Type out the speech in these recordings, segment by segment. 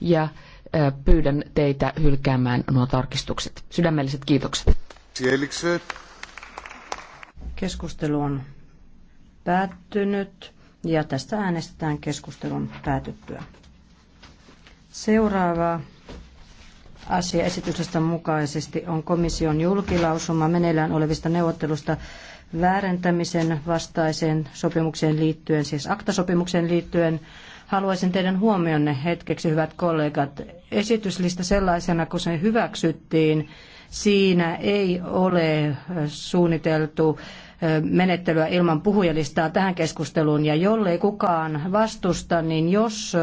ja pyydän teitä hylkäämään nuo tarkistukset. Sydämelliset kiitokset. Keskustelu on päättynyt ja tästä äänestetään keskustelun päätyttyä. Seuraava asia esityksestä mukaisesti on komission julkilausuma meneillään olevista neuvottelusta väärentämisen vastaiseen sopimukseen liittyen, siis aktasopimukseen liittyen. Haluaisin teidän huomionne hetkeksi, hyvät kollegat. Esityslista sellaisena, kun se hyväksyttiin, siinä ei ole suunniteltu menettelyä ilman puhujalistaa tähän keskusteluun. Ja jollei kukaan vastusta, niin jos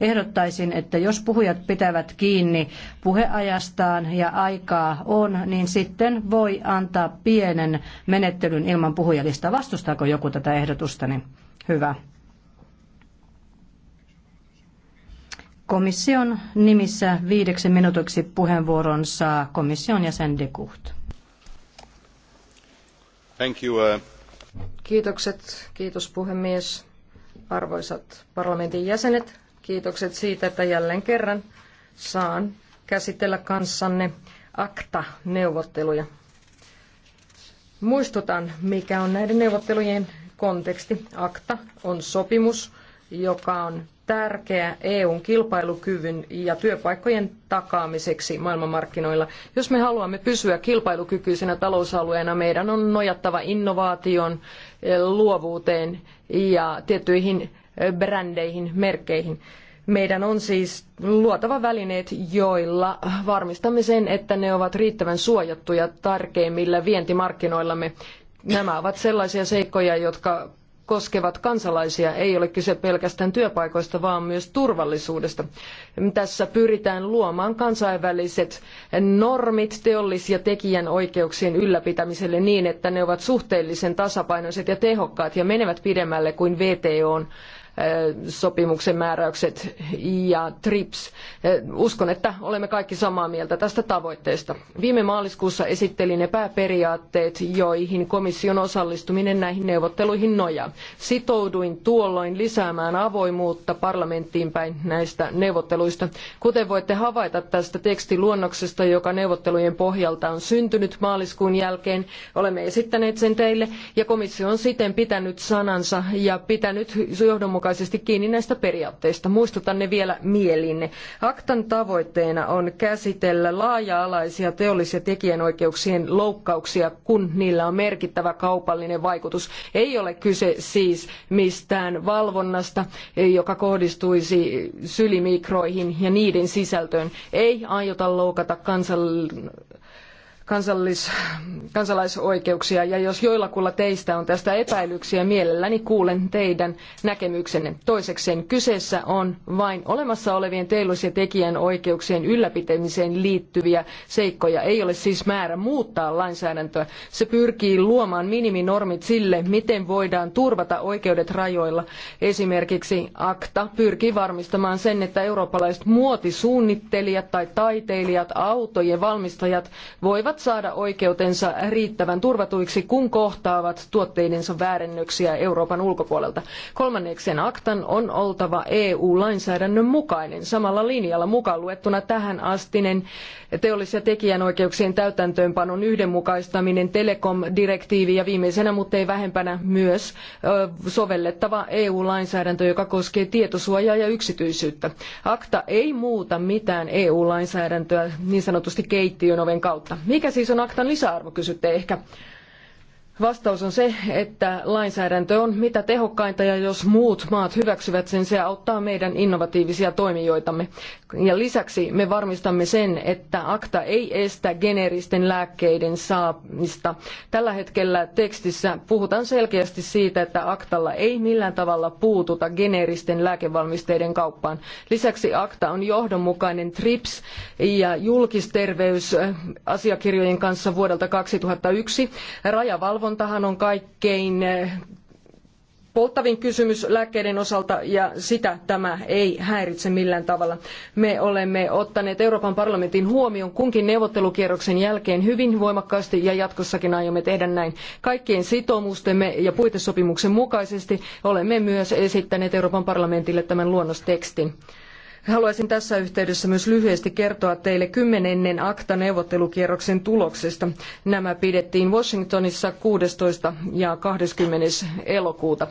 ehdottaisin, että jos puhujat pitävät kiinni puheajastaan ja aikaa on, niin sitten voi antaa pienen menettelyn ilman puhujalistaa. Vastustaako joku tätä ehdotustani? Hyvä. Komission nimissä viideksi minuutiksi puheenvuoron saa komission jäsen de Gucht. Thank you, uh... Kiitokset, kiitos puhemies, arvoisat parlamentin jäsenet. Kiitokset siitä, että jälleen kerran saan käsitellä kanssanne acta neuvotteluja Muistutan, mikä on näiden neuvottelujen konteksti. ACTA on sopimus, joka on tärkeä EUn kilpailukyvyn ja työpaikkojen takaamiseksi maailmanmarkkinoilla. Jos me haluamme pysyä kilpailukykyisenä talousalueena, meidän on nojattava innovaation, eh, luovuuteen ja tiettyihin eh, brändeihin, merkkeihin. Meidän on siis luotava välineet, joilla varmistamme sen, että ne ovat riittävän suojattuja tärkeimmillä vientimarkkinoillamme. Nämä ovat sellaisia seikkoja, jotka koskevat kansalaisia. Ei ole kyse pelkästään työpaikoista, vaan myös turvallisuudesta. Tässä pyritään luomaan kansainväliset normit teollis- ja tekijänoikeuksien ylläpitämiselle niin, että ne ovat suhteellisen tasapainoiset ja tehokkaat ja menevät pidemmälle kuin VTOn sopimuksen määräykset ja TRIPS. Uskon, että olemme kaikki samaa mieltä tästä tavoitteesta. Viime maaliskuussa esittelin ne pääperiaatteet, joihin komission osallistuminen näihin neuvotteluihin nojaa. Sitouduin tuolloin lisäämään avoimuutta parlamenttiin päin näistä neuvotteluista. Kuten voitte havaita tästä tekstiluonnoksesta, joka neuvottelujen pohjalta on syntynyt maaliskuun jälkeen, olemme esittäneet sen teille ja komissio on siten pitänyt sanansa ja pitänyt johdonmukaisesti tiukkaisesti kiinni näistä periaatteista. Muistutan ne vielä mielinne. Aktan tavoitteena on käsitellä laaja-alaisia teollis- ja tekijänoikeuksien loukkauksia, kun niillä on merkittävä kaupallinen vaikutus. Ei ole kyse siis mistään valvonnasta, joka kohdistuisi sylimikroihin ja niiden sisältöön. Ei aiota loukata kansal- kansallis, kansalaisoikeuksia ja jos joillakulla teistä on tästä epäilyksiä, mielelläni kuulen teidän näkemyksenne. Toisekseen kyseessä on vain olemassa olevien teillis- ja tekijänoikeuksien ylläpitämiseen liittyviä seikkoja. Ei ole siis määrä muuttaa lainsäädäntöä. Se pyrkii luomaan miniminormit sille, miten voidaan turvata oikeudet rajoilla. Esimerkiksi ACTA pyrkii varmistamaan sen, että eurooppalaiset muotisuunnittelijat tai taiteilijat, autojen valmistajat voivat saada oikeutensa riittävän turvatuiksi, kun kohtaavat tuotteidensa väärennöksiä Euroopan ulkopuolelta. Kolmanneksen aktan on oltava EU-lainsäädännön mukainen samalla linjalla mukaan luettuna tähän astinen teollis- ja tekijänoikeuksien täytäntöönpanon yhdenmukaistaminen, telekom-direktiivi ja viimeisenä, mutta ei vähempänä myös sovellettava EU-lainsäädäntö, joka koskee tietosuojaa ja yksityisyyttä. Akta ei muuta mitään EU-lainsäädäntöä niin sanotusti keittiön oven kautta. Mikä mikä siis on aktan lisäarvo, kysytte ehkä. Vastaus on se, että lainsäädäntö on mitä tehokkainta ja jos muut maat hyväksyvät sen, se auttaa meidän innovatiivisia toimijoitamme. Ja lisäksi me varmistamme sen, että akta ei estä geneeristen lääkkeiden saamista. Tällä hetkellä tekstissä puhutaan selkeästi siitä, että aktalla ei millään tavalla puututa geneeristen lääkevalmisteiden kauppaan. Lisäksi akta on johdonmukainen TRIPS ja julkisterveysasiakirjojen kanssa vuodelta 2001. Rajavalvonta valvontahan on kaikkein eh, polttavin kysymys lääkkeiden osalta ja sitä tämä ei häiritse millään tavalla. Me olemme ottaneet Euroopan parlamentin huomioon kunkin neuvottelukierroksen jälkeen hyvin voimakkaasti ja jatkossakin aiomme tehdä näin. Kaikkien sitoumustemme ja puitesopimuksen mukaisesti olemme myös esittäneet Euroopan parlamentille tämän luonnostekstin. Haluaisin tässä yhteydessä myös lyhyesti kertoa teille kymmenennen akta-neuvottelukierroksen tuloksesta. Nämä pidettiin Washingtonissa 16. ja 20. elokuuta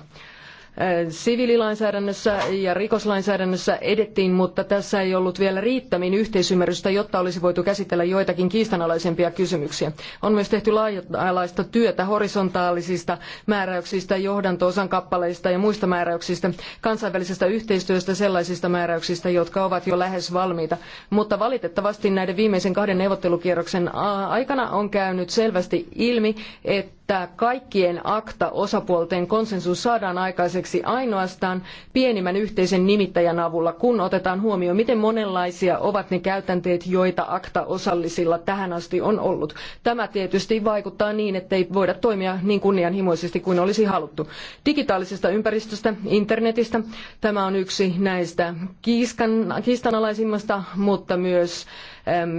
siviililainsäädännössä ja rikoslainsäädännössä edettiin, mutta tässä ei ollut vielä riittämin yhteisymmärrystä, jotta olisi voitu käsitellä joitakin kiistanalaisempia kysymyksiä. On myös tehty laajalaista työtä horisontaalisista määräyksistä, johdanto-osan kappaleista ja muista määräyksistä, kansainvälisestä yhteistyöstä sellaisista määräyksistä, jotka ovat jo lähes valmiita. Mutta valitettavasti näiden viimeisen kahden neuvottelukierroksen aikana on käynyt selvästi ilmi, että että kaikkien akta-osapuolten konsensus saadaan aikaiseksi ainoastaan pienimmän yhteisen nimittäjän avulla, kun otetaan huomioon, miten monenlaisia ovat ne käytänteet, joita akta-osallisilla tähän asti on ollut. Tämä tietysti vaikuttaa niin, ettei voida toimia niin kunnianhimoisesti kuin olisi haluttu. Digitaalisesta ympäristöstä, internetistä, tämä on yksi näistä Kiistanalaisimmista, kiistanalaisimmasta, mutta myös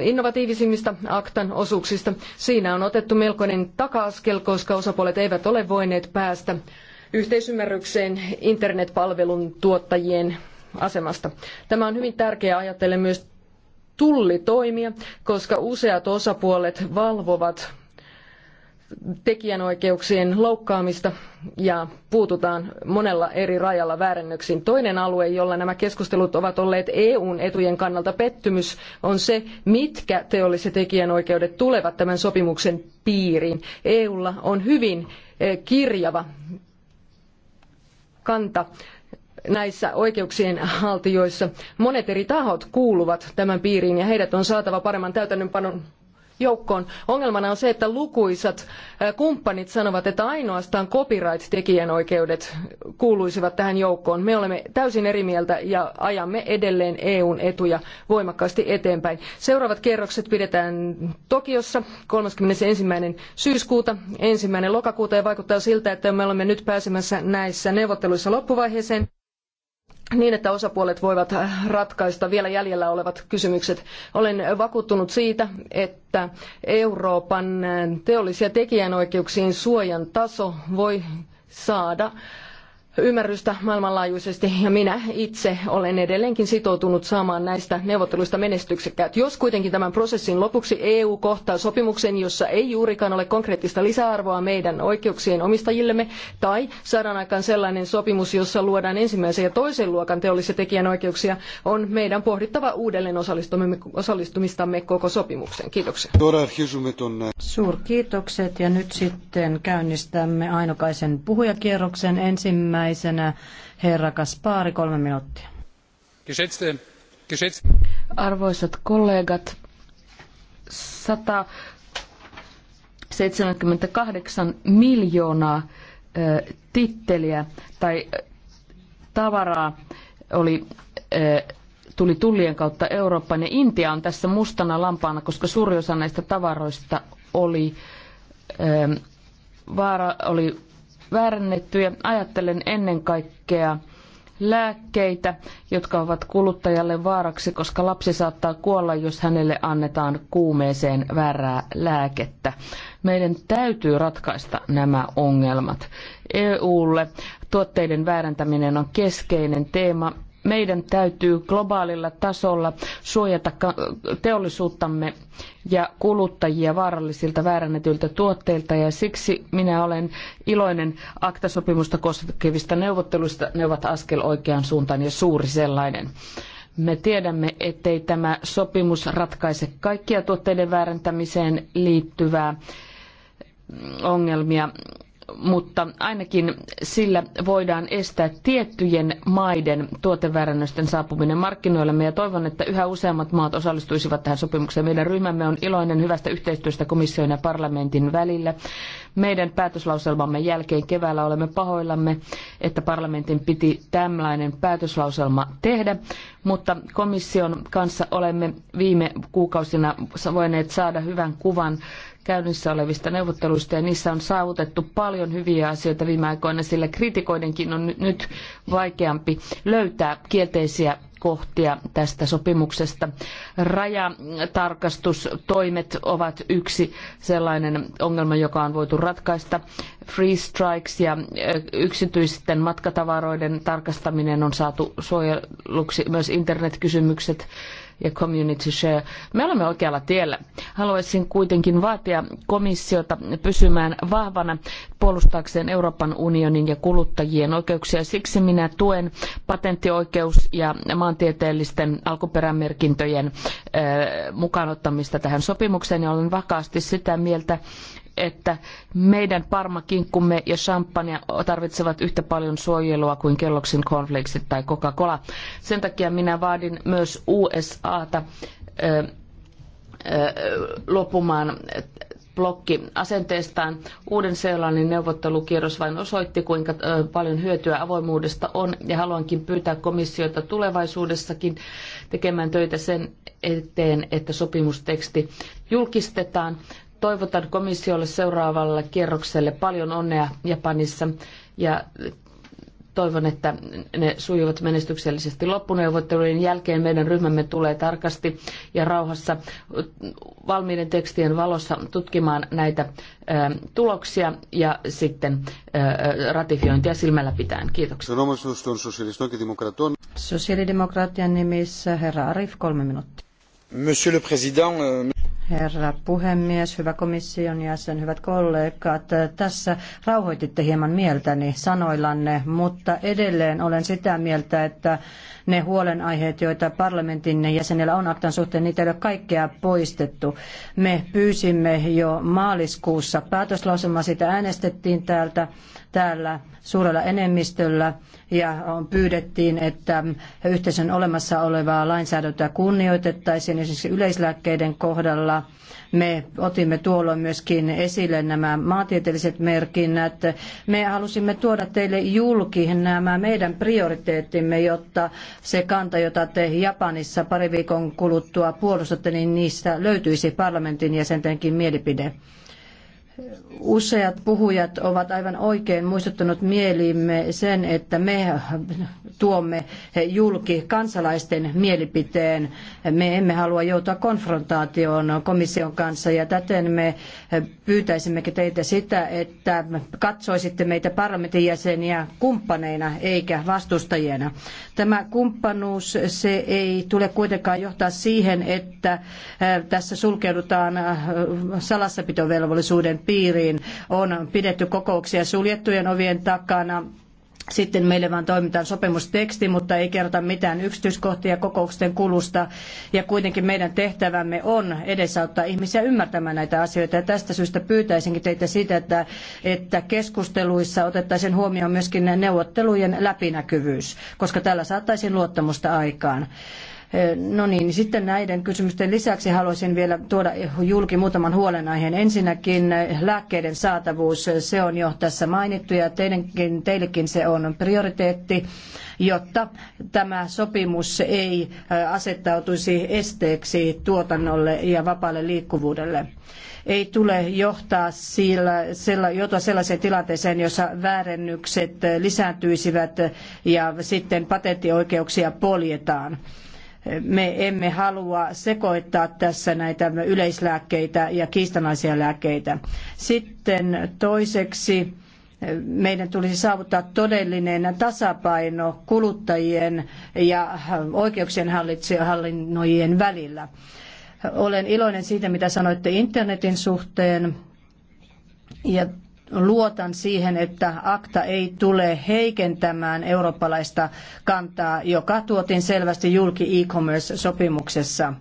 innovatiivisimmista aktan osuuksista. Siinä on otettu melkoinen taka-askel, koska osapuolet eivät ole voineet päästä yhteisymmärrykseen internetpalvelun tuottajien asemasta. Tämä on hyvin tärkeää ajatellen myös tullitoimia, koska useat osapuolet valvovat tekijänoikeuksien loukkaamista ja puututaan monella eri rajalla väärennöksiin. Toinen alue, jolla nämä keskustelut ovat olleet EUn etujen kannalta pettymys, on se, mitkä teolliset tekijänoikeudet tulevat tämän sopimuksen piiriin. EUlla on hyvin e, kirjava kanta näissä oikeuksien haltijoissa. Monet eri tahot kuuluvat tämän piiriin ja heidät on saatava paremman täytännönpanon joukkoon. Ongelmana on se, että lukuisat äh, kumppanit sanovat, että ainoastaan copyright-tekijänoikeudet kuuluisivat tähän joukkoon. Me olemme täysin eri mieltä ja ajamme edelleen EUn etuja voimakkaasti eteenpäin. Seuraavat kierrokset pidetään Tokiossa 31. syyskuuta, ensimmäinen lokakuuta ja vaikuttaa siltä, että me olemme nyt pääsemässä näissä neuvotteluissa loppuvaiheeseen niin, että osapuolet voivat ratkaista vielä jäljellä olevat kysymykset. Olen vakuuttunut siitä, että Euroopan teollisia tekijänoikeuksien suojan taso voi saada ymmärrystä maailmanlaajuisesti ja minä itse olen edelleenkin sitoutunut saamaan näistä neuvotteluista menestyksekkäät. Jos kuitenkin tämän prosessin lopuksi EU kohtaa sopimuksen, jossa ei juurikaan ole konkreettista lisäarvoa meidän oikeuksien omistajillemme, tai saadaan aikaan sellainen sopimus, jossa luodaan ensimmäisen ja toisen luokan teollisia tekijänoikeuksia, on meidän pohdittava uudelleen osallistumistamme koko sopimukseen. Kiitoksia. Suurkiitokset ja nyt sitten käynnistämme ainokaisen puhujakierroksen ensimmäisen ensimmäisenä herra Kaspari, kolme minuuttia. Arvoisat kollegat, 178 miljoonaa titteliä tai tavaraa oli tuli tullien kautta Eurooppaan ja Intia on tässä mustana lampaana, koska suuri osa näistä tavaroista oli, vaara, oli väärennettyjä. Ajattelen ennen kaikkea lääkkeitä, jotka ovat kuluttajalle vaaraksi, koska lapsi saattaa kuolla, jos hänelle annetaan kuumeeseen väärää lääkettä. Meidän täytyy ratkaista nämä ongelmat. EUlle tuotteiden väärentäminen on keskeinen teema meidän täytyy globaalilla tasolla suojata teollisuuttamme ja kuluttajia vaarallisilta väärännetyiltä tuotteilta ja siksi minä olen iloinen aktasopimusta koskevista neuvotteluista. Ne ovat askel oikeaan suuntaan ja suuri sellainen. Me tiedämme, ettei tämä sopimus ratkaise kaikkia tuotteiden väärentämiseen liittyvää ongelmia mutta ainakin sillä voidaan estää tiettyjen maiden tuoteväärännösten saapuminen markkinoillemme ja toivon, että yhä useammat maat osallistuisivat tähän sopimukseen. Meidän ryhmämme on iloinen hyvästä yhteistyöstä komission ja parlamentin välillä. Meidän päätöslauselmamme jälkeen keväällä olemme pahoillamme, että parlamentin piti tämlainen päätöslauselma tehdä, mutta komission kanssa olemme viime kuukausina voineet saada hyvän kuvan käynnissä olevista neuvotteluista ja niissä on saavutettu paljon hyviä asioita viime aikoina, sillä kritikoidenkin on nyt vaikeampi löytää kielteisiä kohtia tästä sopimuksesta. Rajatarkastustoimet ovat yksi sellainen ongelma, joka on voitu ratkaista. Free strikes ja yksityisten matkatavaroiden tarkastaminen on saatu suojeluksi myös internetkysymykset ja community share. Me olemme oikealla tiellä. Haluaisin kuitenkin vaatia komissiota pysymään vahvana puolustaakseen Euroopan unionin ja kuluttajien oikeuksia. Siksi minä tuen patenttioikeus ja maantieteellisten alkuperämerkintöjen mukaanottamista tähän sopimukseen ja olen vakaasti sitä mieltä, että meidän parmakinkkumme ja champagne tarvitsevat yhtä paljon suojelua kuin kelloksin konfliktit tai Coca-Cola. Sen takia minä vaadin myös USAta ö, luopumaan blokki asenteestaan. Uuden Seelannin neuvottelukierros vain osoitti, kuinka paljon hyötyä avoimuudesta on, ja haluankin pyytää komissiota tulevaisuudessakin tekemään töitä sen eteen, että sopimusteksti julkistetaan toivotan komissiolle seuraavalle kierrokselle paljon onnea Japanissa ja toivon, että ne sujuvat menestyksellisesti loppuneuvottelujen jälkeen. Meidän ryhmämme tulee tarkasti ja rauhassa valmiiden tekstien valossa tutkimaan näitä tuloksia ja sitten ratifiointia silmällä pitäen. Kiitoksia. Sosiaalidemokraattien nimissä herra Arif, kolme minuuttia. Monsieur le Président, euh, Herra puhemies, hyvä komission jäsen, hyvät kollegat, tässä rauhoititte hieman mieltäni sanoillanne, mutta edelleen olen sitä mieltä, että ne huolenaiheet, joita parlamentin jäsenillä on aktan suhteen, niitä ei ole kaikkea poistettu. Me pyysimme jo maaliskuussa päätöslauselmaa, sitä äänestettiin täältä, täällä suurella enemmistöllä ja pyydettiin, että yhteisön olemassa olevaa lainsäädäntöä kunnioitettaisiin esimerkiksi yleislääkkeiden kohdalla. Me otimme tuolloin myöskin esille nämä maantieteelliset merkinnät. Me halusimme tuoda teille julki nämä meidän prioriteettimme, jotta se kanta, jota te Japanissa pari viikon kuluttua puolustatte, niin niistä löytyisi parlamentin jäsentenkin mielipide. Useat puhujat ovat aivan oikein muistuttanut mieliimme sen, että me tuomme julki kansalaisten mielipiteen. Me emme halua joutua konfrontaatioon komission kanssa ja täten me pyytäisimmekin teitä sitä, että katsoisitte meitä parlamentin jäseniä kumppaneina eikä vastustajina. Tämä kumppanuus se ei tule kuitenkaan johtaa siihen, että tässä sulkeudutaan salassapitovelvollisuuden piiriin. On pidetty kokouksia suljettujen ovien takana. Sitten meille vaan toimitaan sopimusteksti, mutta ei kerrota mitään yksityiskohtia kokousten kulusta. Ja kuitenkin meidän tehtävämme on edesauttaa ihmisiä ymmärtämään näitä asioita. Ja tästä syystä pyytäisinkin teitä siitä, että, että keskusteluissa otettaisiin huomioon myöskin neuvottelujen läpinäkyvyys, koska tällä saattaisiin luottamusta aikaan. No niin, sitten näiden kysymysten lisäksi haluaisin vielä tuoda julki muutaman huolenaiheen. Ensinnäkin lääkkeiden saatavuus, se on jo tässä mainittu ja teidänkin, teillekin se on prioriteetti, jotta tämä sopimus ei äh, asettautuisi esteeksi tuotannolle ja vapaalle liikkuvuudelle ei tule johtaa sillä, sella, joutua sellaiseen tilanteeseen, jossa väärennykset äh, lisääntyisivät ja sitten patenttioikeuksia poljetaan me emme halua sekoittaa tässä näitä yleislääkkeitä ja kiistanaisia lääkkeitä. Sitten toiseksi meidän tulisi saavuttaa todellinen tasapaino kuluttajien ja oikeuksien hallinnoijien välillä. Olen iloinen siitä, mitä sanoitte internetin suhteen. Ja luotan siihen, että akta ei tule heikentämään eurooppalaista kantaa, joka tuotiin selvästi julki e-commerce-sopimuksessa.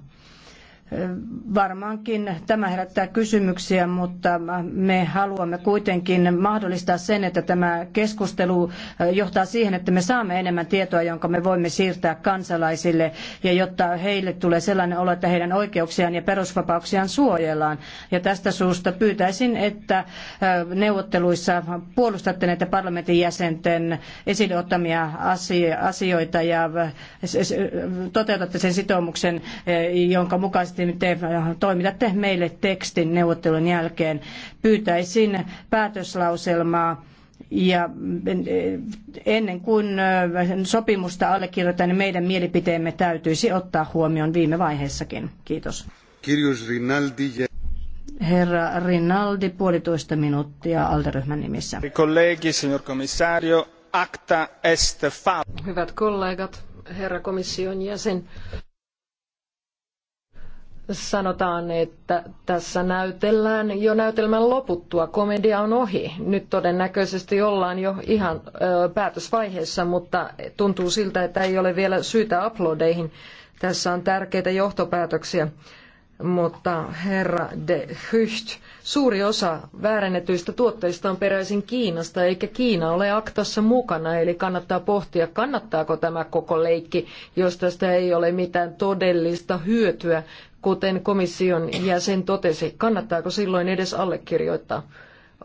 Varmaankin tämä herättää kysymyksiä, mutta me haluamme kuitenkin mahdollistaa sen, että tämä keskustelu johtaa siihen, että me saamme enemmän tietoa, jonka me voimme siirtää kansalaisille ja jotta heille tulee sellainen olo, että heidän oikeuksiaan ja perusvapauksiaan suojellaan. Ja tästä suusta pyytäisin, että äh, neuvotteluissa puolustatte näitä parlamentin jäsenten esille ottamia asioita ja äh, toteutatte sen sitoumuksen, äh, jonka mukaisesti toivottavasti te toimitatte meille tekstin neuvottelun jälkeen. Pyytäisin päätöslauselmaa ja eh, ennen kuin eh, sopimusta allekirjoitan, niin meidän mielipiteemme täytyisi ottaa huomioon viime vaiheessakin. Kiitos. Herra Rinaldi, puolitoista minuuttia alderyhmän nimissä. Kollegi, signor commissario, acta est fa. Hyvät kollegat, herra komission jäsen, sanotaan, että tässä näytellään jo näytelmän loputtua, komedia on ohi. Nyt todennäköisesti ollaan jo ihan päätösvaiheessa, mutta tuntuu siltä, että ei ole vielä syytä uploadeihin. Tässä on tärkeitä johtopäätöksiä. Mutta herra de Hycht, suuri osa väärennetyistä tuotteista on peräisin Kiinasta, eikä Kiina ole aktassa mukana, eli kannattaa pohtia, kannattaako tämä koko leikki, jos tästä ei ole mitään todellista hyötyä kuten komission jäsen totesi, kannattaako silloin edes allekirjoittaa.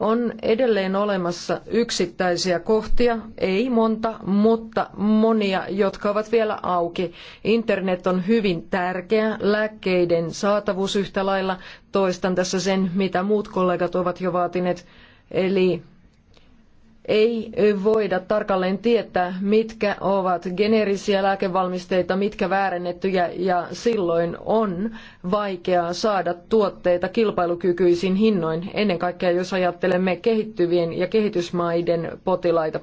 On edelleen olemassa yksittäisiä kohtia, ei monta, mutta monia, jotka ovat vielä auki. Internet on hyvin tärkeä, lääkkeiden saatavuus yhtä lailla. Toistan tässä sen, mitä muut kollegat ovat jo vaatineet. Eli ei voida tarkalleen tietää, mitkä ovat geneerisiä lääkevalmisteita, mitkä väärennettyjä ja silloin on vaikeaa saada tuotteita kilpailukykyisin hinnoin, ennen kaikkea jos ajattelemme kehittyvien ja kehitysmaiden potilaita.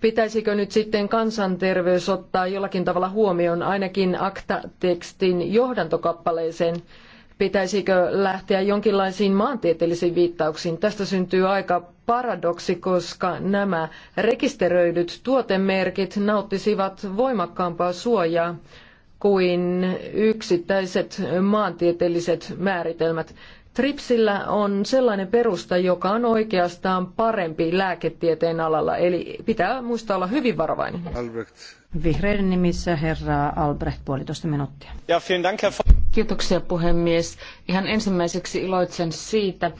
Pitäisikö nyt sitten kansanterveys ottaa jollakin tavalla huomioon ainakin akta-tekstin johdantokappaleeseen? Pitäisikö lähteä jonkinlaisiin maantieteellisiin viittauksiin? Tästä syntyy aika paradoksi, koska nämä rekisteröidyt tuotemerkit nauttisivat voimakkaampaa suojaa kuin yksittäiset maantieteelliset määritelmät. TRIPSillä on sellainen perusta, joka on oikeastaan parempi lääketieteen alalla, eli pitää muistaa olla hyvin varovainen. Albrecht. Vihreiden nimissä herra Albrecht, puolitoista minuuttia. Ja, dank, herr... Kiitoksia puhemies. Ihan ensimmäiseksi iloitsen siitä,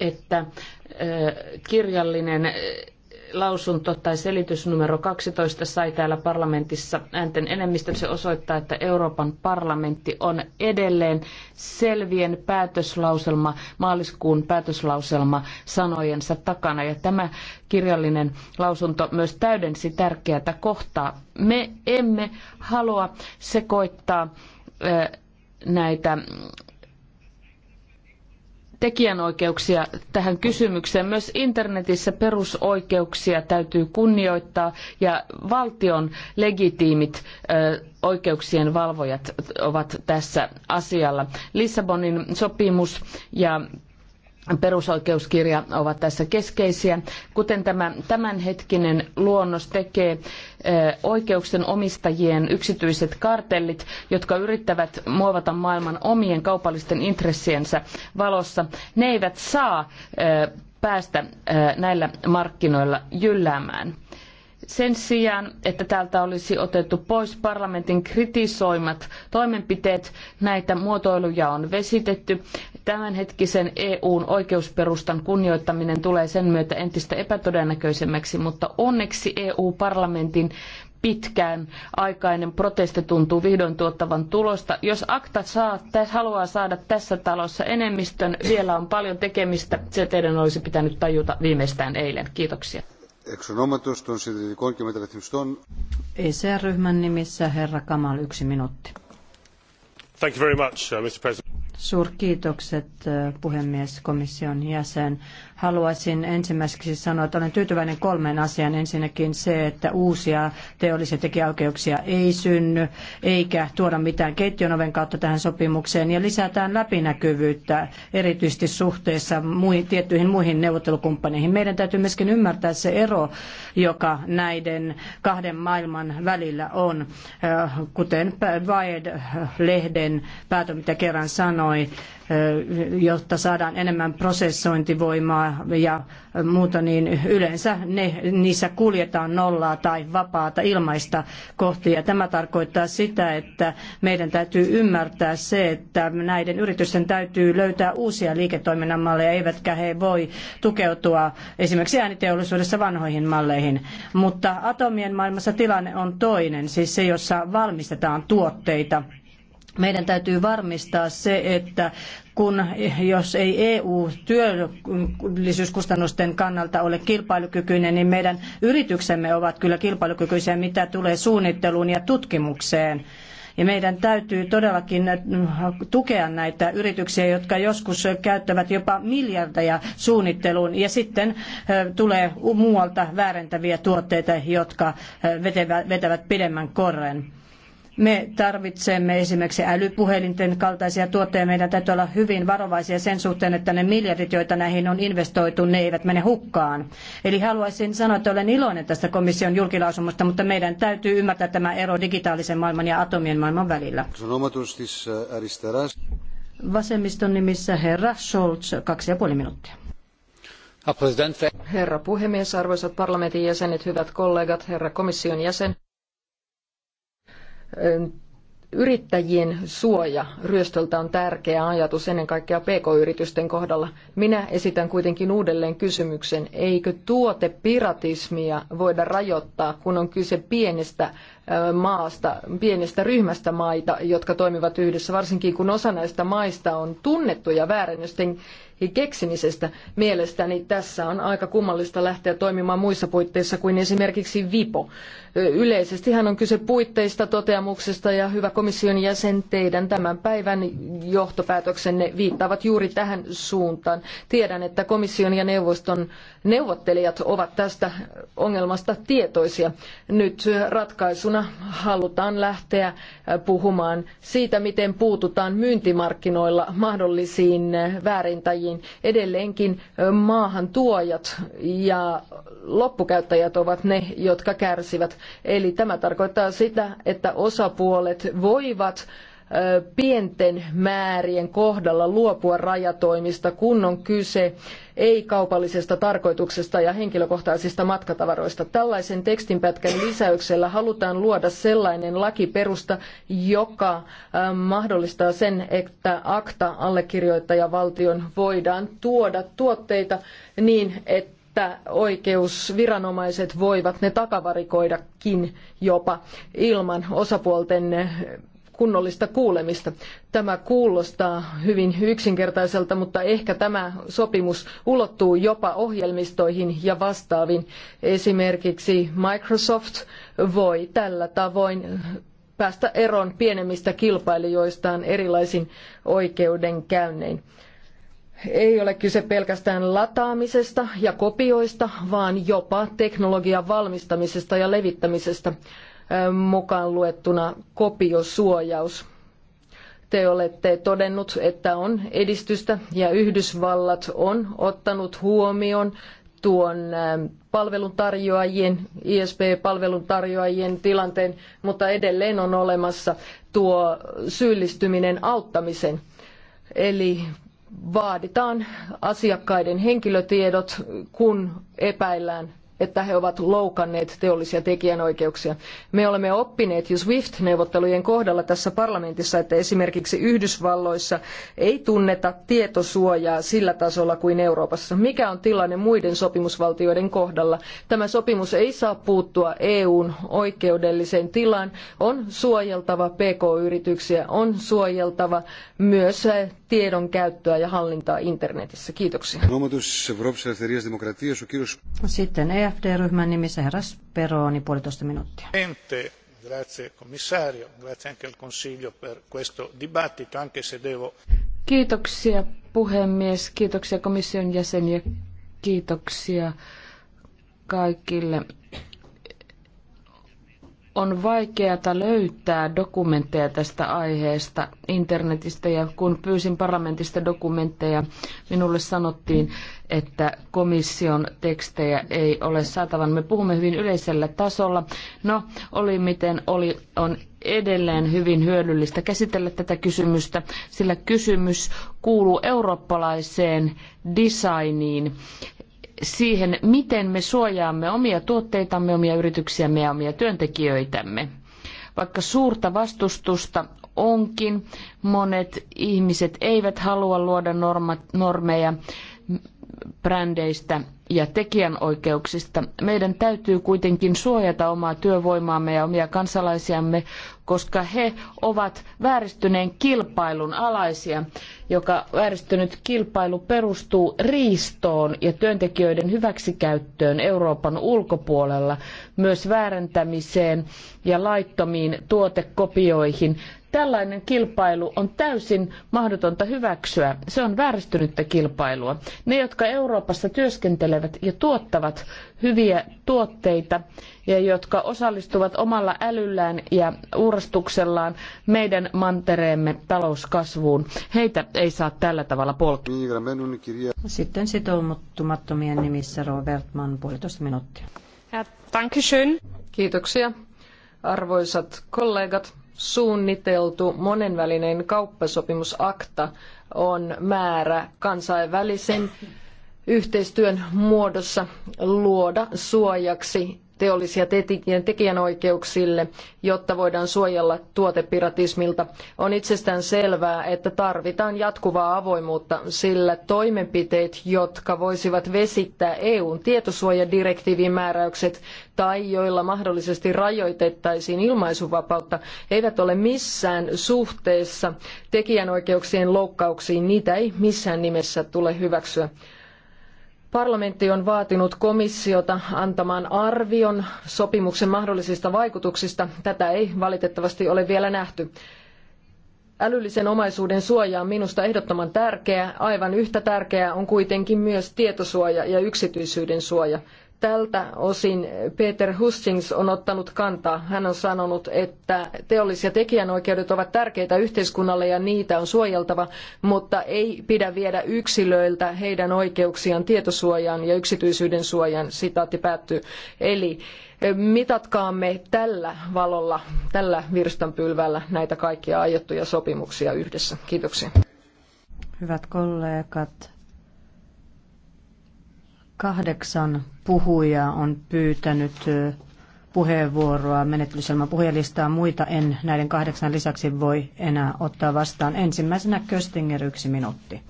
että kirjallinen lausunto tai selitys numero 12 sai täällä parlamentissa äänten enemmistön. Se osoittaa, että Euroopan parlamentti on edelleen selvien päätöslauselma, maaliskuun päätöslauselma sanojensa takana. Ja tämä kirjallinen lausunto myös täydensi tärkeää kohtaa. Me emme halua sekoittaa näitä tekijänoikeuksia tähän kysymykseen. Myös internetissä perusoikeuksia täytyy kunnioittaa ja valtion legitiimit oikeuksien valvojat ovat tässä asialla. Lissabonin sopimus ja perusoikeuskirja ovat tässä keskeisiä. Kuten tämä tämänhetkinen luonnos tekee, oikeuksien omistajien yksityiset kartellit, jotka yrittävät muovata maailman omien kaupallisten intressiensä valossa, ne eivät saa päästä näillä markkinoilla jylläämään. Sen sijaan, että täältä olisi otettu pois parlamentin kritisoimat toimenpiteet, näitä muotoiluja on vesitetty. Tämänhetkisen EUn oikeusperustan kunnioittaminen tulee sen myötä entistä epätodennäköisemmäksi, mutta onneksi EU-parlamentin pitkään aikainen protesti tuntuu vihdoin tuottavan tulosta. Jos akta saa, haluaa saada tässä talossa enemmistön, vielä on paljon tekemistä. Se teidän olisi pitänyt tajuta viimeistään eilen. Kiitoksia. ECR-ryhmän nimissä herra Kamal, yksi minuutti. Thank you very much, uh, Mr. President. Suurkiitokset uh, puhemies komission jäsen haluaisin ensimmäiseksi sanoa, että olen tyytyväinen kolmeen asiaan. Ensinnäkin se, että uusia teollisia tekijäoikeuksia ei synny, eikä tuoda mitään keittiön oven kautta tähän sopimukseen, ja lisätään läpinäkyvyyttä, erityisesti suhteessa muihin, tiettyihin muihin neuvottelukumppaneihin. Meidän täytyy myöskin ymmärtää se ero, joka näiden kahden maailman välillä on, äh, kuten Wired-lehden päätö, kerran sanoi, jotta saadaan enemmän prosessointivoimaa ja muuta, niin yleensä ne, niissä kuljetaan nollaa tai vapaata ilmaista kohti. Ja tämä tarkoittaa sitä, että meidän täytyy ymmärtää se, että näiden yritysten täytyy löytää uusia liiketoiminnan malleja, eivätkä he voi tukeutua esimerkiksi ääniteollisuudessa vanhoihin malleihin. Mutta atomien maailmassa tilanne on toinen, siis se, jossa valmistetaan tuotteita meidän täytyy varmistaa se, että kun jos ei EU työllisyyskustannusten kannalta ole kilpailukykyinen, niin meidän yrityksemme ovat kyllä kilpailukykyisiä, mitä tulee suunnitteluun ja tutkimukseen. Ja meidän täytyy todellakin tukea näitä yrityksiä, jotka joskus käyttävät jopa miljardeja suunnitteluun ja sitten tulee muualta väärentäviä tuotteita, jotka vetävät pidemmän korren. Me tarvitsemme esimerkiksi älypuhelinten kaltaisia tuotteja. Meidän täytyy olla hyvin varovaisia sen suhteen, että ne miljardit, joita näihin on investoitu, ne eivät mene hukkaan. Eli haluaisin sanoa, että olen iloinen tästä komission julkilausumasta, mutta meidän täytyy ymmärtää tämä ero digitaalisen maailman ja atomien maailman välillä. Äh, Vasemmiston nimissä herra Scholz, kaksi ja puoli minuuttia. Herra puhemies, arvoisat parlamentin jäsenet, hyvät kollegat, herra komission jäsen. Yrittäjien suoja ryöstöltä on tärkeä ajatus ennen kaikkea pk-yritysten kohdalla. Minä esitän kuitenkin uudelleen kysymyksen, eikö tuotepiratismia voida rajoittaa, kun on kyse pienestä maasta, pienestä ryhmästä maita, jotka toimivat yhdessä, varsinkin kun osa näistä maista on tunnettuja väärennösten keksimisestä. Mielestäni tässä on aika kummallista lähteä toimimaan muissa puitteissa kuin esimerkiksi VIPO. Yleisestihän on kyse puitteista, toteamuksesta ja hyvä komission jäsen, teidän tämän päivän johtopäätöksenne viittaavat juuri tähän suuntaan. Tiedän, että komission ja neuvoston neuvottelijat ovat tästä ongelmasta tietoisia. Nyt ratkaisuna halutaan lähteä puhumaan siitä, miten puututaan myyntimarkkinoilla mahdollisiin väärintäjiin niin edelleenkin maahan tuojat ja loppukäyttäjät ovat ne, jotka kärsivät. Eli tämä tarkoittaa sitä, että osapuolet voivat pienten määrien kohdalla luopua rajatoimista, kun on kyse ei-kaupallisesta tarkoituksesta ja henkilökohtaisista matkatavaroista. Tällaisen tekstinpätkän lisäyksellä halutaan luoda sellainen lakiperusta, joka mahdollistaa sen, että akta allekirjoittajavaltion voidaan tuoda tuotteita niin, että että oikeusviranomaiset voivat ne takavarikoidakin jopa ilman osapuolten kunnollista kuulemista. Tämä kuulostaa hyvin yksinkertaiselta, mutta ehkä tämä sopimus ulottuu jopa ohjelmistoihin ja vastaaviin. Esimerkiksi Microsoft voi tällä tavoin päästä eroon pienemmistä kilpailijoistaan erilaisin oikeudenkäynnein. Ei ole kyse pelkästään lataamisesta ja kopioista, vaan jopa teknologian valmistamisesta ja levittämisestä mukaan luettuna kopiosuojaus. Te olette todennut, että on edistystä ja Yhdysvallat on ottanut huomioon tuon palveluntarjoajien, ISP-palveluntarjoajien tilanteen, mutta edelleen on olemassa tuo syyllistyminen auttamisen. Eli vaaditaan asiakkaiden henkilötiedot, kun epäillään että he ovat loukanneet teollisia tekijänoikeuksia. Me olemme oppineet jo SWIFT-neuvottelujen kohdalla tässä parlamentissa, että esimerkiksi Yhdysvalloissa ei tunneta tietosuojaa sillä tasolla kuin Euroopassa. Mikä on tilanne muiden sopimusvaltioiden kohdalla? Tämä sopimus ei saa puuttua EUn oikeudelliseen tilaan. On suojeltava PK-yrityksiä, on suojeltava myös tiedon käyttöä ja hallintaa internetissä. Kiitoksia. Sitten EF EFD-ryhmän nimissä herra Speroni, puolitoista minuuttia. Ente. Grazie commissario, grazie anche al Consiglio per questo dibattito, anche se devo... Kiitoksia puhemies, kiitoksia komission jäseniä, kiitoksia kaikille on vaikeata löytää dokumentteja tästä aiheesta internetistä ja kun pyysin parlamentista dokumentteja, minulle sanottiin, että komission tekstejä ei ole saatavan. Me puhumme hyvin yleisellä tasolla. No, oli miten oli, on edelleen hyvin hyödyllistä käsitellä tätä kysymystä, sillä kysymys kuuluu eurooppalaiseen designiin siihen, miten me suojaamme omia tuotteitamme, omia yrityksiämme ja omia työntekijöitämme. Vaikka suurta vastustusta onkin, monet ihmiset eivät halua luoda normeja brändeistä ja tekijänoikeuksista. Meidän täytyy kuitenkin suojata omaa työvoimaamme ja omia kansalaisiamme, koska he ovat vääristyneen kilpailun alaisia, joka vääristynyt kilpailu perustuu riistoon ja työntekijöiden hyväksikäyttöön Euroopan ulkopuolella, myös väärentämiseen ja laittomiin tuotekopioihin Tällainen kilpailu on täysin mahdotonta hyväksyä. Se on vääristynyttä kilpailua. Ne, jotka Euroopassa työskentelevät ja tuottavat hyviä tuotteita ja jotka osallistuvat omalla älyllään ja uurastuksellaan meidän mantereemme talouskasvuun, heitä ei saa tällä tavalla polkea. Sitten sitoumattomien nimissä Mann, puolitoista minuuttia. Kiitoksia. Arvoisat kollegat, suunniteltu monenvälinen kauppasopimusakta on määrä kansainvälisen yhteistyön muodossa luoda suojaksi teollisia tekijänoikeuksille, jotta voidaan suojella tuotepiratismilta. On itsestään selvää, että tarvitaan jatkuvaa avoimuutta, sillä toimenpiteet, jotka voisivat vesittää EUn tietosuojadirektiivin määräykset tai joilla mahdollisesti rajoitettaisiin ilmaisuvapautta, eivät ole missään suhteessa tekijänoikeuksien loukkauksiin. Niitä ei missään nimessä tule hyväksyä. Parlamentti on vaatinut komissiota antamaan arvion sopimuksen mahdollisista vaikutuksista. Tätä ei valitettavasti ole vielä nähty. Älyllisen omaisuuden suoja on minusta ehdottoman tärkeää. Aivan yhtä tärkeää on kuitenkin myös tietosuoja ja yksityisyyden suoja. Tältä osin Peter Hustings on ottanut kantaa. Hän on sanonut, että teollis- ja tekijänoikeudet ovat tärkeitä yhteiskunnalle ja niitä on suojeltava, mutta ei pidä viedä yksilöiltä heidän oikeuksiaan tietosuojaan ja yksityisyyden suojaan. Sitaatti päättyy. Eli mitatkaamme tällä valolla, tällä virstanpylvällä näitä kaikkia aiottuja sopimuksia yhdessä. Kiitoksia. Hyvät kollegat, Kahdeksan puhujaa on pyytänyt puheenvuoroa menettelyselmän puhujalistaa. Muita en näiden kahdeksan lisäksi voi enää ottaa vastaan. Ensimmäisenä Köstinger yksi minuutti.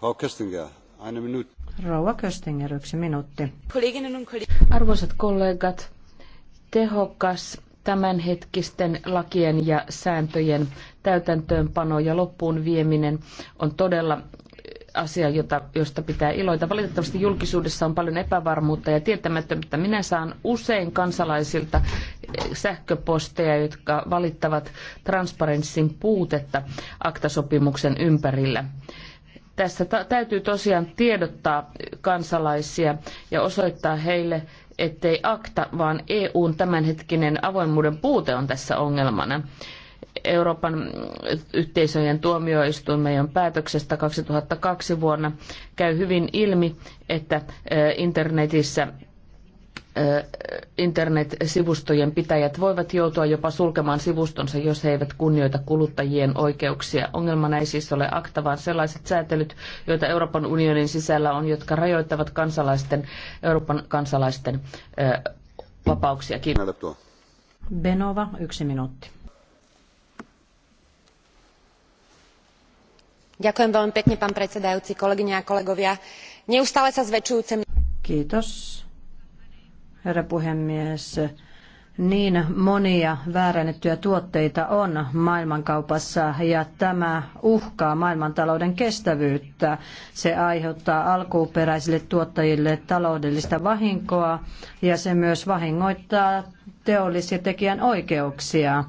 Frau Köstinger, eine Minute. Rouva Köstinger, yksi minuutti. Arvoisat kollegat, tehokas tämänhetkisten lakien ja sääntöjen täytäntöönpano ja loppuun vieminen on todella asia, jota, josta pitää iloita. Valitettavasti julkisuudessa on paljon epävarmuutta ja tietämättömyyttä. Minä saan usein kansalaisilta sähköposteja, jotka valittavat transparenssin puutetta aktasopimuksen ympärillä. Tässä täytyy tosiaan tiedottaa kansalaisia ja osoittaa heille, ettei akta, vaan EUn tämänhetkinen avoimuuden puute on tässä ongelmana. Euroopan yhteisöjen tuomioistuimen päätöksestä 2002 vuonna käy hyvin ilmi, että internetissä internetsivustojen pitäjät voivat joutua jopa sulkemaan sivustonsa, jos he eivät kunnioita kuluttajien oikeuksia. Ongelmana ei siis ole akta, vaan sellaiset säätelyt, joita Euroopan unionin sisällä on, jotka rajoittavat kansalaisten, Euroopan kansalaisten vapauksia. Kiitos. Benova, yksi minuutti. neustále sa zväčšujúce. Kiitos, herra puhemies. Niin monia väärännettyjä tuotteita on maailmankaupassa ja tämä uhkaa maailmantalouden kestävyyttä. Se aiheuttaa alkuperäisille tuottajille taloudellista vahinkoa ja se myös vahingoittaa teollisia tekijän oikeuksia.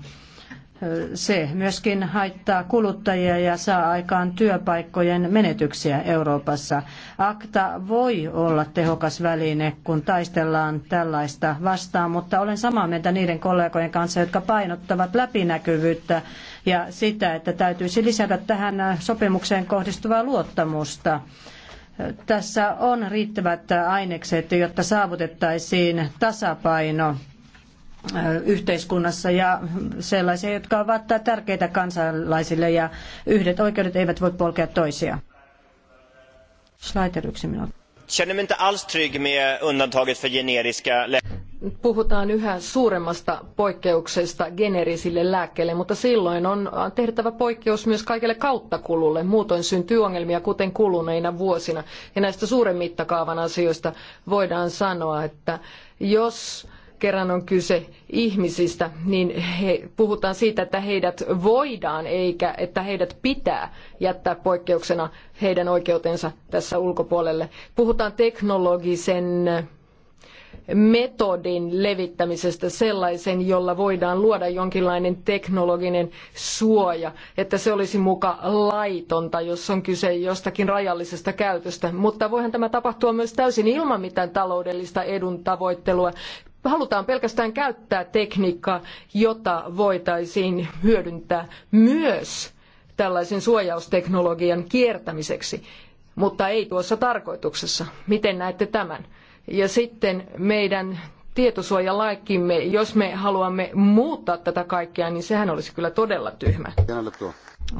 Se myöskin haittaa kuluttajia ja saa aikaan työpaikkojen menetyksiä Euroopassa. Akta voi olla tehokas väline, kun taistellaan tällaista vastaan, mutta olen samaa mieltä niiden kollegojen kanssa, jotka painottavat läpinäkyvyyttä ja sitä, että täytyisi lisätä tähän sopimukseen kohdistuvaa luottamusta. Tässä on riittävät ainekset, jotta saavutettaisiin tasapaino yhteiskunnassa ja sellaisia, jotka ovat tärkeitä kansalaisille ja yhdet oikeudet eivät voi polkea toisia. Schleiter, yksi minuutti. Puhutaan yhä suuremmasta poikkeuksesta generisille lääkkeille, mutta silloin on tehtävä poikkeus myös kaikelle kauttakululle. Muutoin syntyy ongelmia, kuten kuluneina vuosina. Ja näistä suuren mittakaavan asioista voidaan sanoa, että jos kerran on kyse ihmisistä, niin he, puhutaan siitä, että heidät voidaan eikä että heidät pitää jättää poikkeuksena heidän oikeutensa tässä ulkopuolelle. Puhutaan teknologisen metodin levittämisestä sellaisen, jolla voidaan luoda jonkinlainen teknologinen suoja, että se olisi muka laitonta, jos on kyse jostakin rajallisesta käytöstä. Mutta voihan tämä tapahtua myös täysin ilman mitään taloudellista edun tavoittelua halutaan pelkästään käyttää tekniikkaa, jota voitaisiin hyödyntää myös tällaisen suojausteknologian kiertämiseksi, mutta ei tuossa tarkoituksessa. Miten näette tämän? Ja sitten meidän tietosuojalaikimme, jos me haluamme muuttaa tätä kaikkea, niin sehän olisi kyllä todella tyhmä.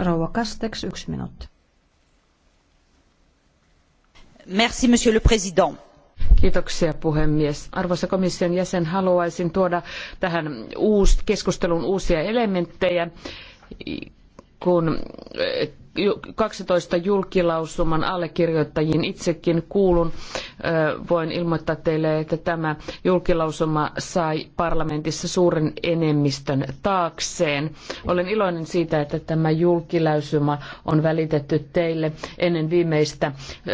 Rouva Kasteks, yksi minuutti. Merci, monsieur le président Kiitoksia puhemies. Arvoisa komission jäsen, haluaisin tuoda tähän uus, keskusteluun uusia elementtejä, kun 12 julkilausuman allekirjoittajiin itsekin kuulun. Voin ilmoittaa teille, että tämä julkilausuma sai parlamentissa suuren enemmistön taakseen. Olen iloinen siitä, että tämä julkilausuma on välitetty teille ennen viimeistä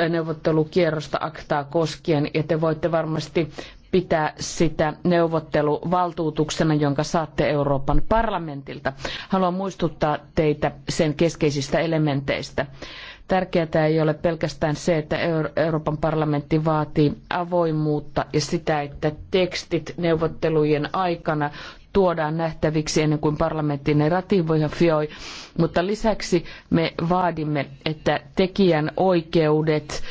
neuvottelukierrosta aktaa koskien, ja te voitte varmasti pitää sitä neuvotteluvaltuutuksena, jonka saatte Euroopan parlamentilta. Haluan muistuttaa teitä sen keskeisistä elementeistä. Tärkeää ei ole pelkästään se, että Euroopan parlamentti vaatii avoimuutta ja sitä, että tekstit neuvottelujen aikana tuodaan nähtäviksi ennen kuin parlamentti ne ratifioi, mutta lisäksi me vaadimme, että tekijän oikeudet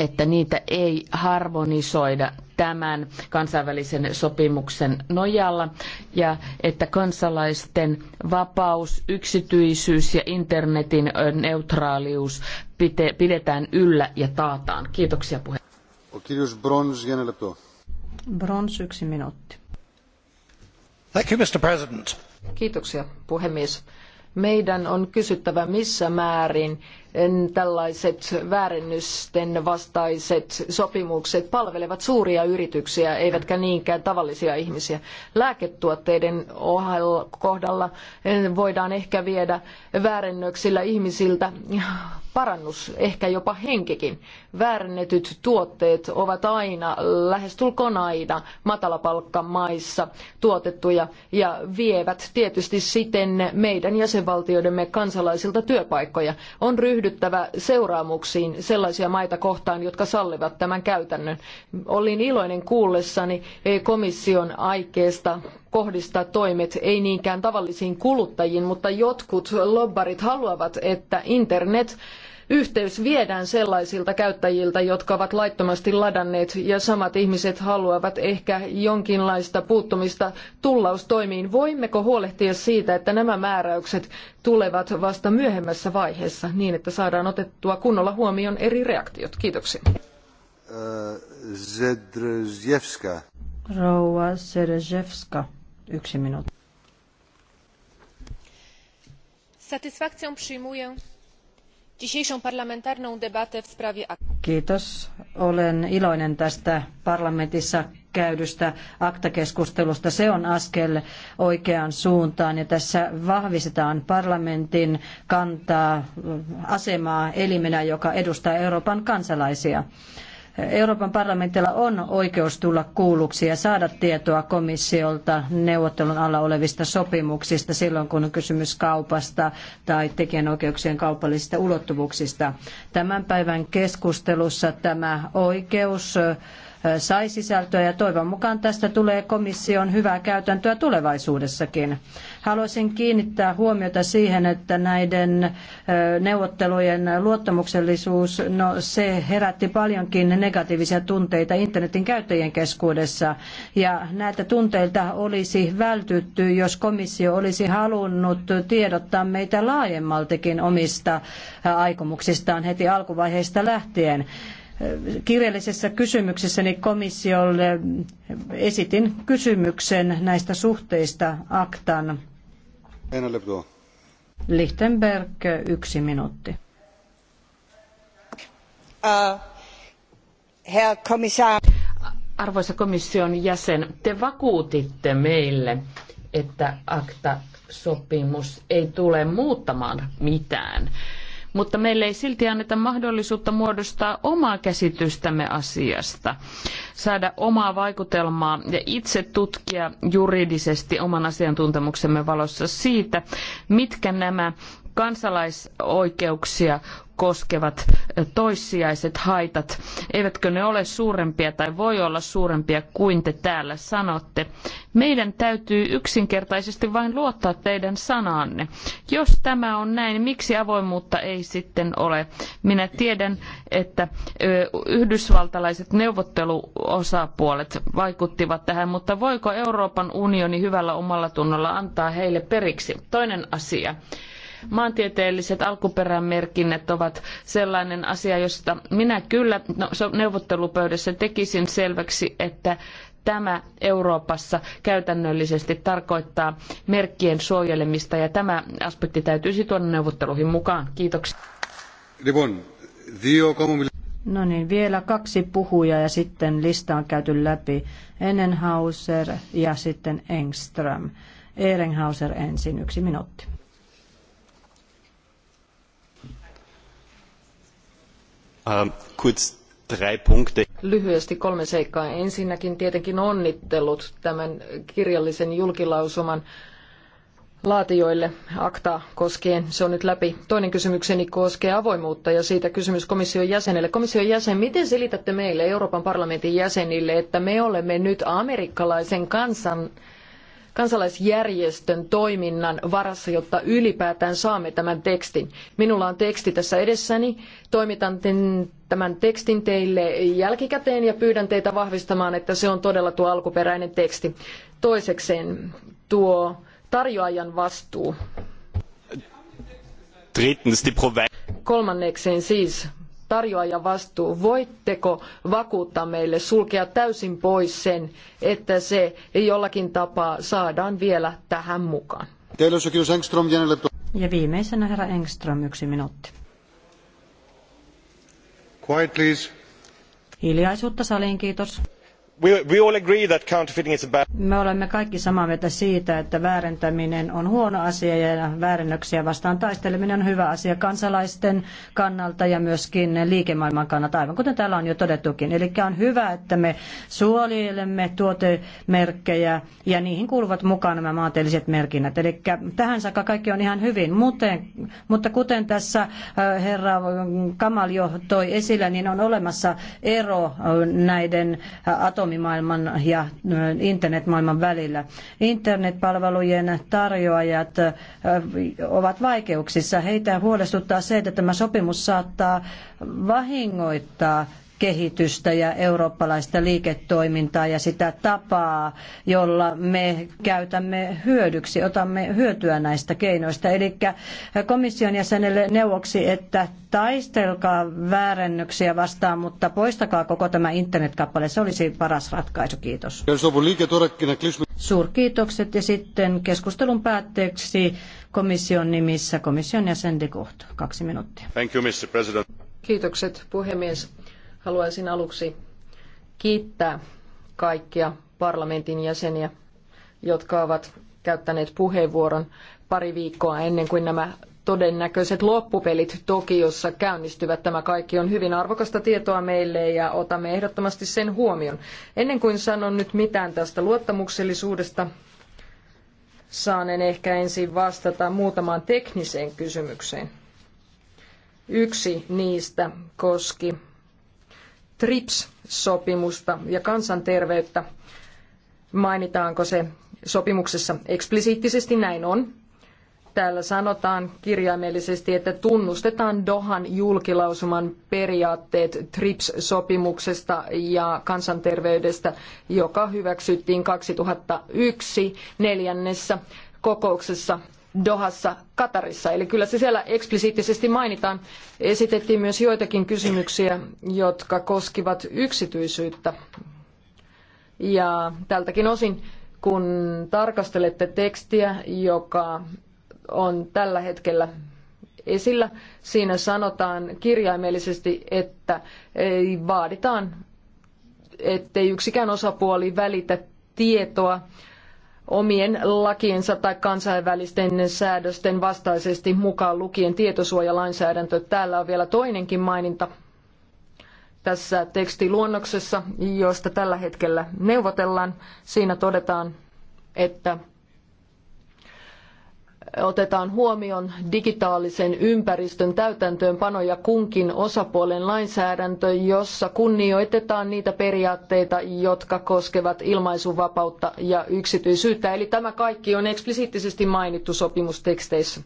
että niitä ei harmonisoida tämän kansainvälisen sopimuksen nojalla ja että kansalaisten vapaus, yksityisyys ja internetin neutraalius pidetään yllä ja taataan. Kiitoksia puheenjohtaja. Brons, yksi minuutti. Thank you, Mr. President. Kiitoksia puhemies. Meidän on kysyttävä missä määrin tällaiset väärennysten vastaiset sopimukset palvelevat suuria yrityksiä, eivätkä niinkään tavallisia ihmisiä. Lääketuotteiden kohdalla eh, voidaan ehkä viedä väärennöksillä ihmisiltä parannus, ehkä jopa henkikin. Väärennetyt tuotteet ovat aina, lähestulkoon aina, matalapalkkamaissa tuotettuja ja vievät tietysti siten meidän jäsenvaltioidemme kansalaisilta työpaikkoja. On ryhdytty ryhdyttävä seuraamuksiin sellaisia maita kohtaan, jotka sallivat tämän käytännön. Olin iloinen kuullessani komission aikeesta kohdistaa toimet ei niinkään tavallisiin kuluttajiin, mutta jotkut lobbarit haluavat, että internet yhteys viedään sellaisilta käyttäjiltä, jotka ovat laittomasti ladanneet ja samat ihmiset haluavat ehkä jonkinlaista puuttumista tullaustoimiin. Voimmeko huolehtia siitä, että nämä määräykset tulevat vasta myöhemmässä vaiheessa niin, että saadaan otettua kunnolla huomioon eri reaktiot? Kiitoksia. Zedrzewska. Rouva Zedrzewska, yksi minuutti. Satysfakcją przyjmuję dzisiejszą parlamentarną debatę w sprawie... Kiitos. Olen iloinen tästä parlamentissa käydystä aktakeskustelusta. Se on askel oikeaan suuntaan ja tässä vahvistetaan parlamentin kantaa asemaa elimenä, joka edustaa Euroopan kansalaisia. Euroopan parlamentilla on oikeus tulla kuulluksi ja saada tietoa komissiolta neuvottelun alla olevista sopimuksista silloin, kun on kysymys kaupasta tai tekijänoikeuksien kaupallisista ulottuvuuksista. Tämän päivän keskustelussa tämä oikeus sai sisältöä ja toivon mukaan tästä tulee komission hyvää käytäntöä tulevaisuudessakin. Haluaisin kiinnittää huomiota siihen, että näiden neuvottelujen luottamuksellisuus, no se herätti paljonkin negatiivisia tunteita internetin käyttäjien keskuudessa ja näitä tunteilta olisi vältytty, jos komissio olisi halunnut tiedottaa meitä laajemmaltikin omista aikomuksistaan heti alkuvaiheesta lähtien kirjallisessa kysymyksessäni komissiolle esitin kysymyksen näistä suhteista aktan. Lichtenberg, yksi minuutti. Uh, Arvoisa komission jäsen, te vakuutitte meille, että akta-sopimus ei tule muuttamaan mitään mutta meille ei silti anneta mahdollisuutta muodostaa omaa käsitystämme asiasta, saada omaa vaikutelmaa ja itse tutkia juridisesti oman asiantuntemuksemme valossa siitä, mitkä nämä kansalaisoikeuksia koskevat toissijaiset haitat, eivätkö ne ole suurempia tai voi olla suurempia kuin te täällä sanotte. Meidän täytyy yksinkertaisesti vain luottaa teidän sanaanne. Jos tämä on näin, miksi avoimuutta ei sitten ole? Minä tiedän, että yhdysvaltalaiset neuvotteluosapuolet vaikuttivat tähän, mutta voiko Euroopan unioni hyvällä omalla tunnolla antaa heille periksi? Toinen asia. Maantieteelliset alkuperämerkinnät ovat sellainen asia, josta minä kyllä no, neuvottelupöydässä tekisin selväksi, että tämä Euroopassa käytännöllisesti tarkoittaa merkkien suojelemista ja tämä aspekti täytyisi tuoda neuvotteluihin mukaan. Kiitoksia. No niin, vielä kaksi puhujaa ja sitten lista on käyty läpi. Enenhauser ja sitten Engström. Ehrenhauser ensin, yksi minuutti. Ähm, Lyhyesti kolme seikkaa. Ensinnäkin tietenkin onnittelut tämän kirjallisen julkilausuman laatijoille akta, koskien. Se on nyt läpi. Toinen kysymykseni koskee avoimuutta ja siitä kysymys komission jäsenelle. Komission jäsen, miten selitätte meille Euroopan parlamentin jäsenille, että me olemme nyt amerikkalaisen kansan kansalaisjärjestön toiminnan varassa, jotta ylipäätään saamme tämän tekstin. Minulla on teksti tässä edessäni. Toimitan tämän tekstin teille jälkikäteen ja pyydän teitä vahvistamaan, että se on todella tuo alkuperäinen teksti. Toisekseen tuo tarjoajan vastuu. Kolmannekseen siis tarjoajan vastuu. Voitteko vakuuttaa meille sulkea täysin pois sen, että se jollakin tapaa saadaan vielä tähän mukaan? Ja viimeisenä herra Engström, yksi minuutti. Quiet, please. Hiljaisuutta saliin, kiitos me olemme kaikki samaa mieltä siitä, että väärentäminen on huono asia ja väärennöksiä vastaan taisteleminen on hyvä asia kansalaisten kannalta ja myöskin liikemaailman kannalta, aivan kuten täällä on jo todettukin. Eli on hyvä, että me suojelemme tuotemerkkejä ja niihin kuuluvat mukaan nämä maanteelliset merkinnät. Eli tähän saakka kaikki on ihan hyvin, mutta kuten tässä herra Kamal jo toi esille, niin on olemassa ero näiden atomien muovimaailman ja internetmaailman välillä. Internetpalvelujen tarjoajat ovat vaikeuksissa. Heitä huolestuttaa se, että tämä sopimus saattaa vahingoittaa kehitystä ja eurooppalaista liiketoimintaa ja sitä tapaa, jolla me käytämme hyödyksi, otamme hyötyä näistä keinoista. Eli komission jäsenelle neuvoksi, että taistelkaa väärennöksiä vastaan, mutta poistakaa koko tämä internetkappale. Se olisi paras ratkaisu. Kiitos. Suurkiitokset ja sitten keskustelun päätteeksi komission nimissä komission jäsen de Gucht. Kaksi minuuttia. Thank you, Mr. President. Kiitokset puhemies. Haluaisin aluksi kiittää kaikkia parlamentin jäseniä, jotka ovat käyttäneet puheenvuoron pari viikkoa ennen kuin nämä todennäköiset loppupelit Tokiossa käynnistyvät. Tämä kaikki on hyvin arvokasta tietoa meille ja otamme ehdottomasti sen huomioon. Ennen kuin sanon nyt mitään tästä luottamuksellisuudesta, saanen ehkä ensin vastata muutamaan tekniseen kysymykseen. Yksi niistä koski TRIPS-sopimusta ja kansanterveyttä. Mainitaanko se sopimuksessa eksplisiittisesti? Näin on. Täällä sanotaan kirjaimellisesti, että tunnustetaan Dohan julkilausuman periaatteet TRIPS-sopimuksesta ja kansanterveydestä, joka hyväksyttiin 2001 neljännessä kokouksessa Dohassa, Katarissa. Eli kyllä se siellä eksplisiittisesti mainitaan. Esitettiin myös joitakin kysymyksiä, jotka koskivat yksityisyyttä. Ja tältäkin osin, kun tarkastelette tekstiä, joka on tällä hetkellä esillä, siinä sanotaan kirjaimellisesti, että vaaditaan, ettei yksikään osapuoli välitä tietoa omien lakiensa tai kansainvälisten säädösten vastaisesti mukaan lukien tietosuojalainsäädäntö. Täällä on vielä toinenkin maininta tässä tekstiluonnoksessa, josta tällä hetkellä neuvotellaan. Siinä todetaan, että otetaan huomioon digitaalisen ympäristön täytäntöönpano ja kunkin osapuolen lainsäädäntö, jossa kunnioitetaan niitä periaatteita, jotka koskevat ilmaisuvapautta ja yksityisyyttä. Eli tämä kaikki on eksplisiittisesti mainittu sopimusteksteissä.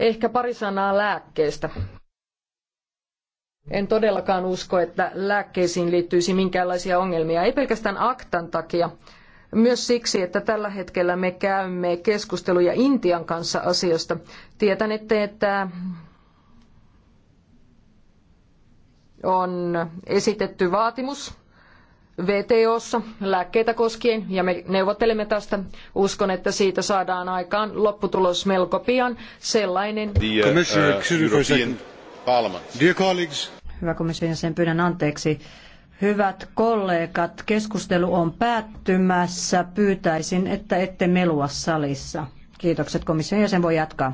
Ehkä pari sanaa lääkkeestä. En todellakaan usko, että lääkkeisiin liittyisi minkäänlaisia ongelmia, ei pelkästään aktan takia, myös siksi, että tällä hetkellä me käymme keskusteluja Intian kanssa asiasta. Tietänette, että on esitetty vaatimus VTOssa lääkkeitä koskien ja me neuvottelemme tästä. Uskon, että siitä saadaan aikaan lopputulos melko pian sellainen. The, uh, Hyvä komission jäsen, pyydän anteeksi. Hyvät kollegat, keskustelu on päättymässä. Pyytäisin, että ette melua salissa. Kiitokset komission jäsen voi jatkaa.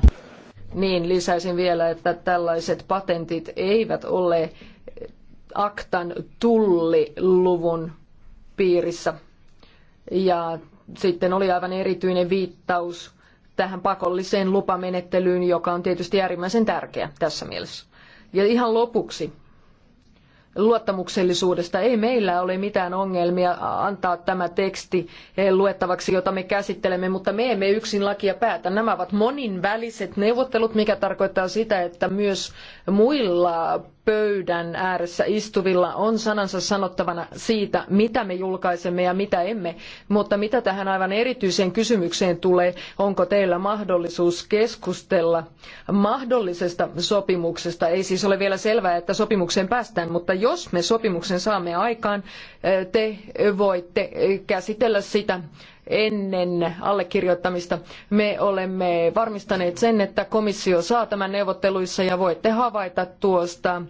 Niin, lisäisin vielä, että tällaiset patentit eivät ole aktan tulliluvun piirissä. Ja sitten oli aivan erityinen viittaus tähän pakolliseen lupamenettelyyn, joka on tietysti äärimmäisen tärkeä tässä mielessä. Ja ihan lopuksi luottamuksellisuudesta. Ei meillä ole mitään ongelmia antaa tämä teksti luettavaksi, jota me käsittelemme, mutta me emme yksin lakia päätä. Nämä ovat moninväliset neuvottelut, mikä tarkoittaa sitä, että myös muilla pöydän ääressä istuvilla on sanansa sanottavana siitä, mitä me julkaisemme ja mitä emme. Mutta mitä tähän aivan erityiseen kysymykseen tulee, onko teillä mahdollisuus keskustella mahdollisesta sopimuksesta? Ei siis ole vielä selvää, että sopimukseen päästään, mutta jos me sopimuksen saamme aikaan, te voitte käsitellä sitä ennen allekirjoittamista. Me olemme varmistaneet sen, että komissio saa tämän neuvotteluissa ja voitte havaita tuosta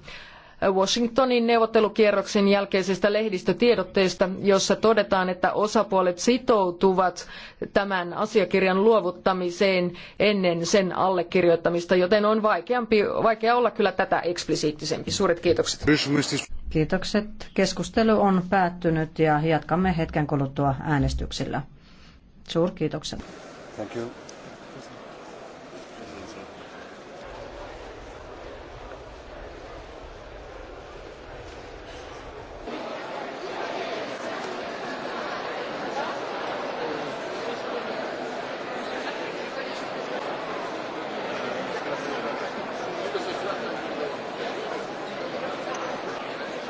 Washingtonin neuvottelukierroksen jälkeisestä lehdistötiedotteesta, jossa todetaan, että osapuolet sitoutuvat tämän asiakirjan luovuttamiseen ennen sen allekirjoittamista, joten on vaikeampi, vaikea olla kyllä tätä eksplisiittisempi. Suuret kiitokset. Kiitokset. Keskustelu on päättynyt ja jatkamme hetken kuluttua äänestyksillä. Suurkiitokset. Thank you.